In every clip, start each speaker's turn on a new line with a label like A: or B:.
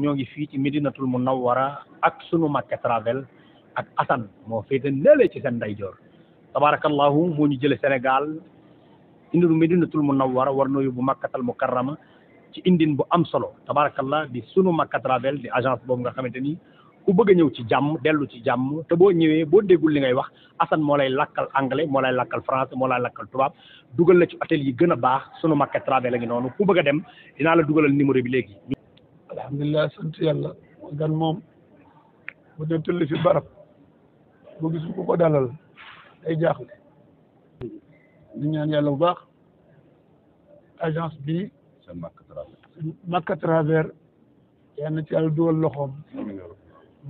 A: ñoo ngi fii ci Medinatul Munawwara ak sunu Makka Travel ak Assane moo féete neelee ci seen ndeyjoor tabarakallahu moo ñu jële Sénégal indi nu Medinatul Munawwara war na yóbbu Makkatal Mukarrama ci indin bu am solo tabarakallah di sunu Makka Travel di agence boobu nga xamante ni ku bëgg ñëw ci jàmm dellu ci jàmm te boo ñëwee boo déggul li ngay wax Assane moo lay lakkal anglais moo lay lakkal français moo lay lakkal tubaab dugal la ci hôtel yi gën a baax sunu Makka Travel a noonu ku bëgg a dinaa la dugalal numéro bi léegi
B: alhamdulilah sant yàlla gan moom bu ne tëll fi barab bu gisul ku ko dalal day jaaxle di ñaan yàlla bu baax agence bi seen Makka Travers yal na ci yàlla dugal loxoom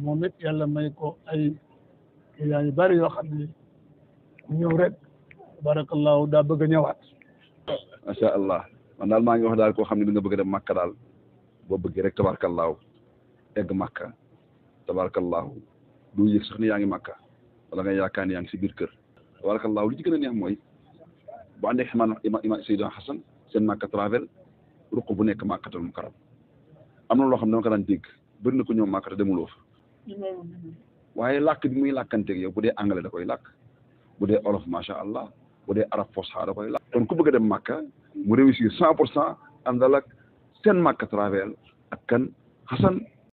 B: moom it yàlla may ko ay clients yu bari yoo xam ne ñëw rek barakallahu daa bëgg a ñëwaat
C: macha allah man daal maa ngi wax daal koo xam ne di nga bëgg a dem Makka daal boo bëggee rek tabarkallaahu egg màkka tabarkallaahu doo yëg sax yaa ngi màkka wala nga yaakaar ne yaa ngi si biir kër tabarkallaahu li ci gën a neex mooy boo àndee imaam imaam Seydina Xasan seen màkka travel ruq bu nekk màkkatal mu karam am na loo xam ne dama ko daan na ko ñëw màkkata demuloo fa waaye làkk bi muy làkkanteeg yow bu dee anglais da koy làkk bu dee olof macha allah boo dee arab fosha da koy làkk kon ku bëgg a dem makka mu réussir cent pour cent àndal ak seen Maka Travel ak kan Assane